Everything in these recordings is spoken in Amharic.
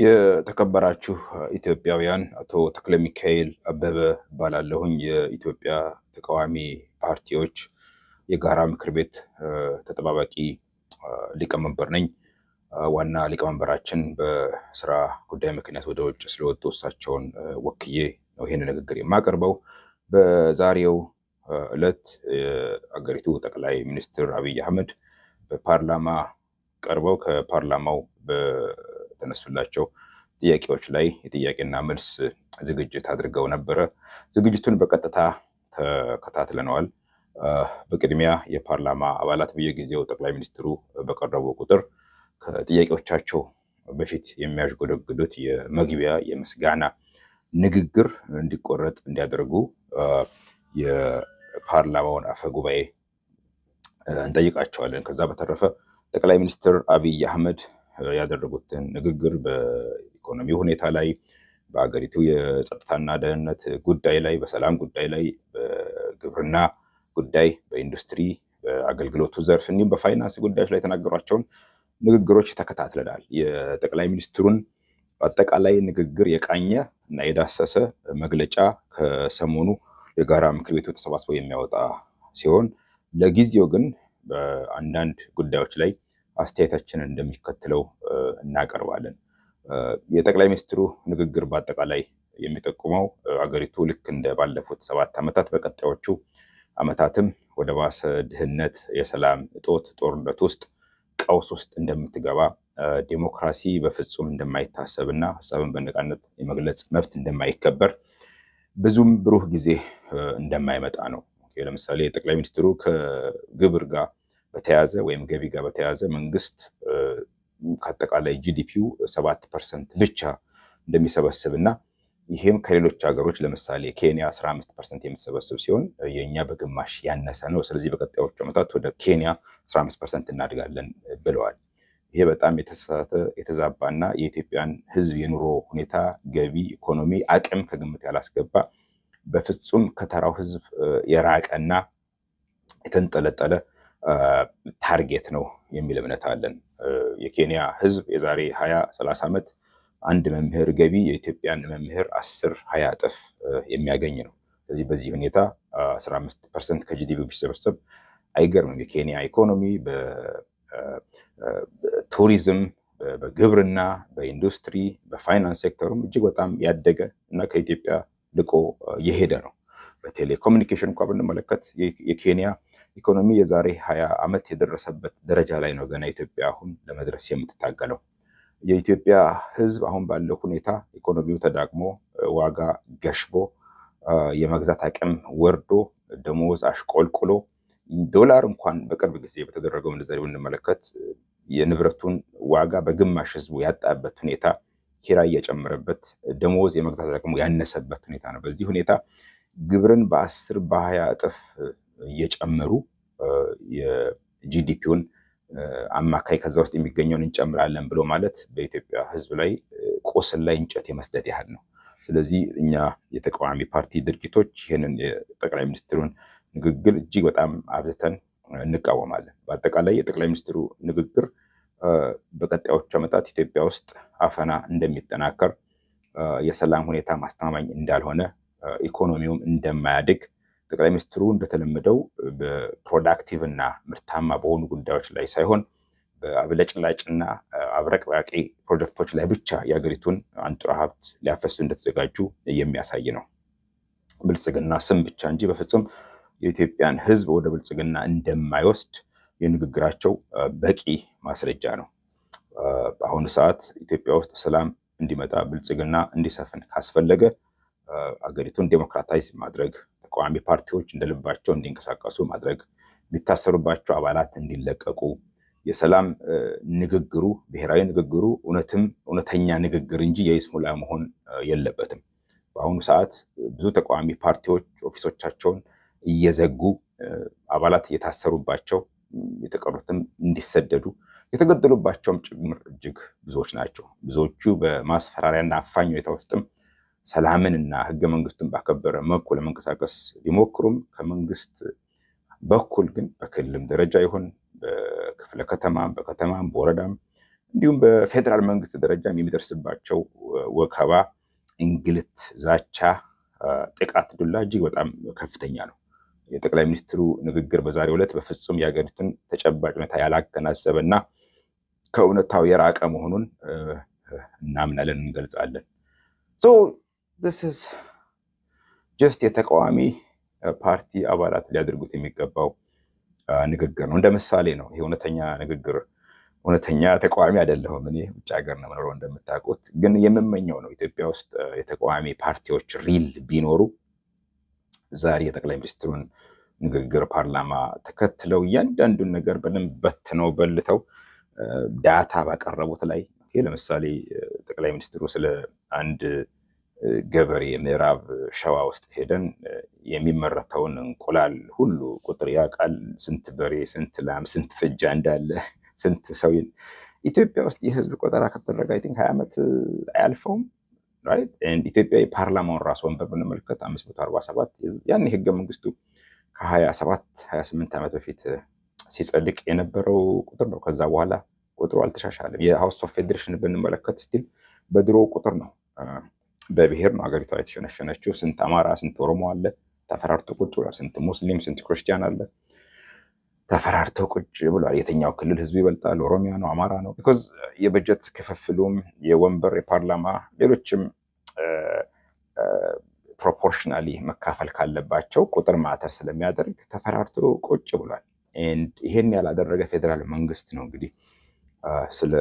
የተከበራችሁ ኢትዮጵያውያን፣ አቶ ተክለ ሚካኤል አበበ እባላለሁኝ። የኢትዮጵያ ተቃዋሚ ፓርቲዎች የጋራ ምክር ቤት ተጠባባቂ ሊቀመንበር ነኝ። ዋና ሊቀመንበራችን በስራ ጉዳይ ምክንያት ወደ ውጭ ስለወጡ እሳቸውን ወክዬ ነው ይህን ንግግር የማቀርበው። በዛሬው ዕለት የአገሪቱ ጠቅላይ ሚኒስትር አብይ አህመድ በፓርላማ ቀርበው ከፓርላማው የተነሱላቸው ጥያቄዎች ላይ የጥያቄና መልስ ዝግጅት አድርገው ነበረ። ዝግጅቱን በቀጥታ ተከታትለነዋል። በቅድሚያ የፓርላማ አባላት በየጊዜው ጠቅላይ ሚኒስትሩ በቀረቡ ቁጥር ከጥያቄዎቻቸው በፊት የሚያሽጎደግዱት የመግቢያ የምስጋና ንግግር እንዲቆረጥ እንዲያደርጉ የፓርላማውን አፈ ጉባኤ እንጠይቃቸዋለን። ከዛ በተረፈ ጠቅላይ ሚኒስትር አብይ አህመድ ያደረጉትን ንግግር በኢኮኖሚ ሁኔታ ላይ፣ በአገሪቱ የጸጥታና ደህንነት ጉዳይ ላይ፣ በሰላም ጉዳይ ላይ፣ በግብርና ጉዳይ፣ በኢንዱስትሪ፣ በአገልግሎቱ ዘርፍ እንዲሁም በፋይናንስ ጉዳዮች ላይ የተናገሯቸውን ንግግሮች ተከታትለናል። የጠቅላይ ሚኒስትሩን አጠቃላይ ንግግር የቃኘ እና የዳሰሰ መግለጫ ከሰሞኑ የጋራ ምክር ቤቱ ተሰባስበው የሚያወጣ ሲሆን ለጊዜው ግን በአንዳንድ ጉዳዮች ላይ አስተያየታችንን እንደሚከተለው እናቀርባለን። የጠቅላይ ሚኒስትሩ ንግግር በአጠቃላይ የሚጠቁመው አገሪቱ ልክ እንደ ባለፉት ሰባት ዓመታት በቀጣዮቹ ዓመታትም ወደ ባሰ ድህነት፣ የሰላም እጦት፣ ጦርነት ውስጥ ቀውስ ውስጥ እንደምትገባ ዲሞክራሲ በፍጹም እንደማይታሰብ እና ሀሳብን በነፃነት የመግለጽ መብት እንደማይከበር ብዙም ብሩህ ጊዜ እንደማይመጣ ነው። ለምሳሌ የጠቅላይ ሚኒስትሩ ከግብር ጋር በተያዘ ወይም ገቢ ጋር በተያዘ መንግስት ከአጠቃላይ ጂዲፒው ሰባት ፐርሰንት ብቻ እንደሚሰበስብ እና ይህም ከሌሎች ሀገሮች ለምሳሌ ኬንያ አምስት ፐርሰንት የምትሰበስብ ሲሆን የእኛ በግማሽ ያነሰ ነው። ስለዚህ በቀጣዮቹ ዓመታት ወደ ኬንያ አምስት ፐርሰንት እናድጋለን ብለዋል። ይሄ በጣም የተሳሳተ የተዛባና የኢትዮጵያን ሕዝብ የኑሮ ሁኔታ፣ ገቢ፣ ኢኮኖሚ አቅም ከግምት ያላስገባ በፍጹም ከተራው ሕዝብ የራቀና የተንጠለጠለ ታርጌት ነው የሚል እምነት አለን። የኬንያ ህዝብ የዛሬ ሀያ ሰላሳ ዓመት አንድ መምህር ገቢ የኢትዮጵያን መምህር አስር ሀያ እጥፍ የሚያገኝ ነው። ስለዚህ በዚህ ሁኔታ 15 ፐርሰንት ከጂዲፒ ቢሰበሰብ አይገርምም። የኬንያ ኢኮኖሚ በቱሪዝም፣ በግብርና፣ በኢንዱስትሪ፣ በፋይናንስ ሴክተሩም እጅግ በጣም ያደገ እና ከኢትዮጵያ ልቆ የሄደ ነው። በቴሌኮሙኒኬሽን እንኳ ብንመለከት የኬንያ ኢኮኖሚ የዛሬ ሀያ ዓመት የደረሰበት ደረጃ ላይ ነው ገና ኢትዮጵያ አሁን ለመድረስ የምትታገለው። የኢትዮጵያ ሕዝብ አሁን ባለው ሁኔታ ኢኮኖሚው ተዳቅሞ ዋጋ ገሽቦ የመግዛት አቅም ወርዶ ደሞዝ አሽቆልቁሎ ዶላር እንኳን በቅርብ ጊዜ በተደረገው ምንዛሬ ብንመለከት የንብረቱን ዋጋ በግማሽ ህዝቡ ያጣበት ሁኔታ፣ ኪራይ እየጨመረበት ደሞዝ የመግዛት አቅሙ ያነሰበት ሁኔታ ነው። በዚህ ሁኔታ ግብርን በአስር በሀያ እጥፍ እየጨመሩ የጂዲፒውን አማካይ ከዛ ውስጥ የሚገኘውን እንጨምራለን ብሎ ማለት በኢትዮጵያ ሕዝብ ላይ ቆስል ላይ እንጨት የመስደት ያህል ነው። ስለዚህ እኛ የተቃዋሚ ፓርቲ ድርጅቶች ይህንን የጠቅላይ ሚኒስትሩን ንግግር እጅግ በጣም አብዝተን እንቃወማለን። በአጠቃላይ የጠቅላይ ሚኒስትሩ ንግግር በቀጣዮቹ ዓመታት ኢትዮጵያ ውስጥ አፈና እንደሚጠናከር፣ የሰላም ሁኔታ ማስተማማኝ እንዳልሆነ፣ ኢኮኖሚውም እንደማያድግ ጠቅላይ ሚኒስትሩ እንደተለመደው በፕሮዳክቲቭ እና ምርታማ በሆኑ ጉዳዮች ላይ ሳይሆን በአብለጭላጭና አብረቅራቂ ፕሮጀክቶች ላይ ብቻ የሀገሪቱን አንጡራ ሀብት ሊያፈሱ እንደተዘጋጁ የሚያሳይ ነው። ብልጽግና ስም ብቻ እንጂ በፍጹም የኢትዮጵያን ሕዝብ ወደ ብልጽግና እንደማይወስድ የንግግራቸው በቂ ማስረጃ ነው። በአሁኑ ሰዓት ኢትዮጵያ ውስጥ ሰላም እንዲመጣ ብልጽግና እንዲሰፍን ካስፈለገ አገሪቱን ዴሞክራታይዝ ማድረግ ተቃዋሚ ፓርቲዎች እንደልባቸው እንዲንቀሳቀሱ ማድረግ፣ የሚታሰሩባቸው አባላት እንዲለቀቁ፣ የሰላም ንግግሩ ብሔራዊ ንግግሩ እውነትም እውነተኛ ንግግር እንጂ የይስሙላ መሆን የለበትም። በአሁኑ ሰዓት ብዙ ተቃዋሚ ፓርቲዎች ኦፊሶቻቸውን እየዘጉ አባላት እየታሰሩባቸው የተቀሩትም እንዲሰደዱ የተገደሉባቸውም ጭምር እጅግ ብዙዎች ናቸው። ብዙዎቹ በማስፈራሪያና አፋኝ ሁኔታ ውስጥም ሰላምንና ህገ መንግስቱን ባከበረ መልኩ ለመንቀሳቀስ ቢሞክሩም ከመንግስት በኩል ግን በክልልም ደረጃ ይሁን በክፍለ ከተማም በከተማም በወረዳም እንዲሁም በፌዴራል መንግስት ደረጃም የሚደርስባቸው ወከባ፣ እንግልት፣ ዛቻ፣ ጥቃት፣ ዱላ እጅግ በጣም ከፍተኛ ነው። የጠቅላይ ሚኒስትሩ ንግግር በዛሬው ዕለት በፍጹም የሀገሪቱን ተጨባጭ ሁኔታ ያላገናዘበና ከእውነታው የራቀ መሆኑን እናምናለን፣ እንገልጻለን። ስ ጀስት የተቃዋሚ uh, ፓርቲ አባላት ሊያደርጉት የሚገባው uh, ንግግር ነው። እንደ ምሳሌ ነው። ይሄ እውነተኛ ንግግር እውነተኛ ተቃዋሚ አይደለሁም እኔ ውጭ ሀገር ነው የምኖረው እንደምታውቁት። ግን የምመኘው ነው ኢትዮጵያ ውስጥ uh, የተቃዋሚ ፓርቲዎች ሪል ቢኖሩ ዛሬ የጠቅላይ ሚኒስትሩን ንግግር ፓርላማ ተከትለው እያንዳንዱን ነገር በደንብ በትነው በልተው ዳታ ባቀረቡት ላይ ለምሳሌ ጠቅላይ ሚኒስትሩ ስለ አንድ ገበሬ ምዕራብ ሸዋ ውስጥ ሄደን የሚመረተውን እንቁላል ሁሉ ቁጥር ያውቃል። ስንት በሬ፣ ስንት ላም፣ ስንት ጥጃ እንዳለ ስንት ሰው ኢትዮጵያ ውስጥ የህዝብ ቆጠራ ከተደረገ አይ ቲንክ ሀያ ዓመት አያልፈውም። ኢትዮጵያ የፓርላማውን ራስ ወንበር ብንመለከት አምስት መቶ አርባ ሰባት ያን የህገ መንግስቱ ከሀያ ሰባት ሀያ ስምንት ዓመት በፊት ሲጸድቅ የነበረው ቁጥር ነው። ከዛ በኋላ ቁጥሩ አልተሻሻለም። የሀውስ ኦፍ ፌዴሬሽን ብንመለከት ስቲል በድሮ ቁጥር ነው በብሔር ነው ሀገሪቷ የተሸነሸነችው። ስንት አማራ ስንት ኦሮሞ አለ ተፈራርቶ ቁጭ ብሏል። ስንት ሙስሊም ስንት ክርስቲያን አለ ተፈራርተው ቁጭ ብሏል። የትኛው ክልል ህዝብ ይበልጣል? ኦሮሚያ ነው አማራ ነው? ቢኮዝ የበጀት ክፍፍሉም የወንበር የፓርላማ ሌሎችም ፕሮፖርሽናሊ መካፈል ካለባቸው ቁጥር ማተር ስለሚያደርግ ተፈራርቶ ቁጭ ብሏል። ይሄን ያላደረገ ፌዴራል መንግስት ነው እንግዲህ ስለ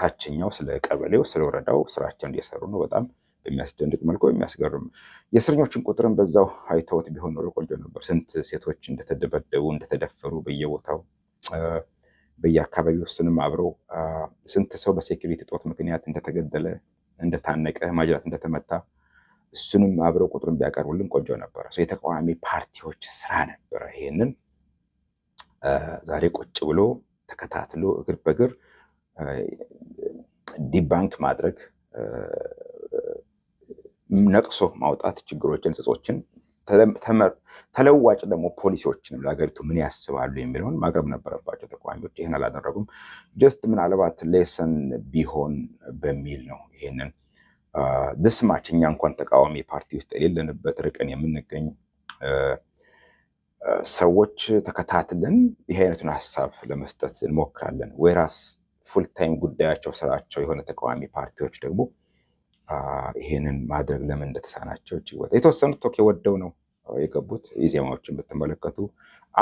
ታችኛው ስለ ቀበሌው ስለ ወረዳው ስራቸው እንዲሰሩ ነው በጣም የሚያስደንቅ መልኩ የሚያስገርም የእስረኞችን ቁጥርን በዛው አይተውት ቢሆን ኖሮ ቆንጆ ነበር። ስንት ሴቶች እንደተደበደቡ እንደተደፈሩ በየቦታው በየአካባቢው እሱንም አብረው ስንት ሰው በሴኪሪቲ ጦት ምክንያት እንደተገደለ እንደታነቀ ማጅራት እንደተመታ እሱንም አብረው ቁጥሩን ቢያቀርቡልን ቆንጆ ነበረ። የተቃዋሚ ፓርቲዎች ስራ ነበረ። ይሄንን ዛሬ ቁጭ ብሎ ተከታትሎ እግር በእግር ዲባንክ ማድረግ ነቅሶ ማውጣት ችግሮችን፣ ጽጾችን፣ ተለዋጭ ደግሞ ፖሊሲዎችንም ለሀገሪቱ ምን ያስባሉ የሚለውን ማቅረብ ነበረባቸው ተቃዋሚዎች። ይህን አላደረጉም። ጀስት ምናልባት ሌሰን ቢሆን በሚል ነው ይህንን ድስማች እኛ እንኳን ተቃዋሚ ፓርቲ ውስጥ የሌለንበት ርቀን የምንገኝ ሰዎች ተከታትለን ይህ አይነቱን ሀሳብ ለመስጠት እንሞክራለን። ወይራስ ፉልታይም ጉዳያቸው ስራቸው የሆነ ተቃዋሚ ፓርቲዎች ደግሞ ይሄንን ማድረግ ለምን እንደተሳናቸው ወጣ። የተወሰኑት ቶክ የወደው ነው የገቡት። የዜማዎችን ብትመለከቱ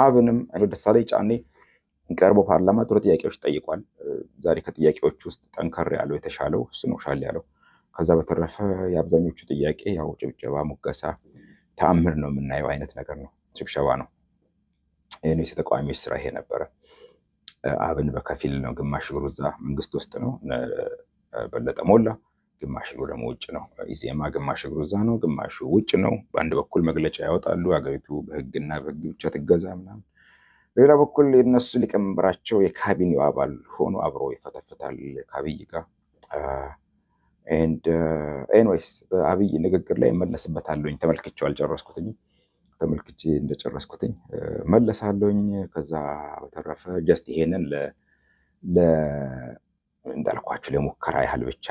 አብንም ደሳለኝ ጫኔ ቀርቦ ፓርላማ ጥሩ ጥያቄዎች ጠይቋል። ዛሬ ከጥያቄዎች ውስጥ ጠንከር ያለው የተሻለው እሱ ነው ሻል ያለው። ከዛ በተረፈ የአብዛኞቹ ጥያቄ ያው ጭብጨባ፣ ሙገሳ፣ ተአምር ነው የምናየው አይነት ነገር ነው፣ ጭብሸባ ነው። ይህ የተቃዋሚዎች ስራ ይሄ ነበረ። አብን በከፊል ነው፣ ግማሽ እግሩ እዛ መንግስት ውስጥ ነው። በለጠ ሞላ ግማሽ እግሩ ደግሞ ውጭ ነው። ኢዜማ ግማሽ እግሩ እዛ ነው፣ ግማሹ ውጭ ነው። በአንድ በኩል መግለጫ ያወጣሉ፣ ሀገሪቱ በህግና በህግ ብቻ ትገዛ ምናምን፣ በሌላ በኩል የነሱ ሊቀመንበራቸው የካቢኔው አባል ሆኖ አብሮ ይፈተፍታል ከአብይ ጋር። ኤንዌይስ በአብይ ንግግር ላይ መለስበታለሁኝ። ተመልክቼው አልጨረስኩትኝ፣ ተመልክቼ እንደጨረስኩትኝ መለሳለኝ። ከዛ በተረፈ ጀስት ይሄንን እንዳልኳችሁ ለሙከራ ያህል ብቻ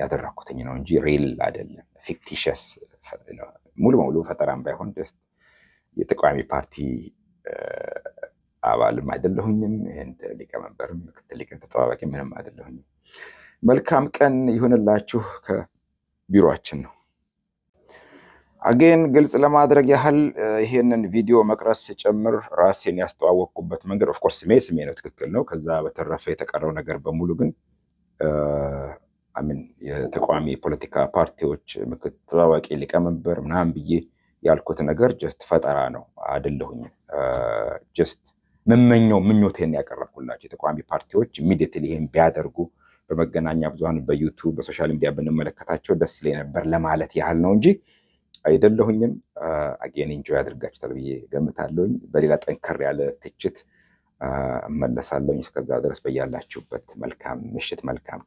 ያደረኩትኝ ነው እንጂ ሪል አይደለም፣ ፊክቲሽስ ሙሉ በሙሉ ፈጠራም ባይሆን ደስ የተቃዋሚ ፓርቲ አባልም አይደለሁኝም። ይህን ሊቀመንበርም ምክትል ሊቀን ተጠባባቂ ምንም አይደለሁኝም። መልካም ቀን ይሁንላችሁ። ከቢሮችን ነው አጌን ግልጽ ለማድረግ ያህል ይህንን ቪዲዮ መቅረጽ ሲጨምር ራሴን ያስተዋወቅኩበት መንገድ ኦፍኮርስ ስሜ ስሜ ነው፣ ትክክል ነው። ከዛ በተረፈ የተቀረው ነገር በሙሉ ግን አምን የተቃዋሚ የፖለቲካ ፓርቲዎች ተጠባባቂ ሊቀመንበር ምናምን ብዬ ያልኩት ነገር ጀስት ፈጠራ ነው አይደለሁኝ። ጀስት መመኘው ምኞቴን ያቀረብኩላቸው የተቃዋሚ ፓርቲዎች ኢሚዲየትሊ ይሄን ቢያደርጉ በመገናኛ ብዙኃን በዩቱብ በሶሻል ሚዲያ ብንመለከታቸው ደስ ይለኝ ነበር ለማለት ያህል ነው እንጂ አይደለሁኝም። አጌን ኢንጆይ አድርጋችሁታል ብዬ ገምታለሁኝ። በሌላ ጠንከር ያለ ትችት እመለሳለሁኝ። እስከዛ ድረስ በያላችሁበት መልካም ምሽት፣ መልካም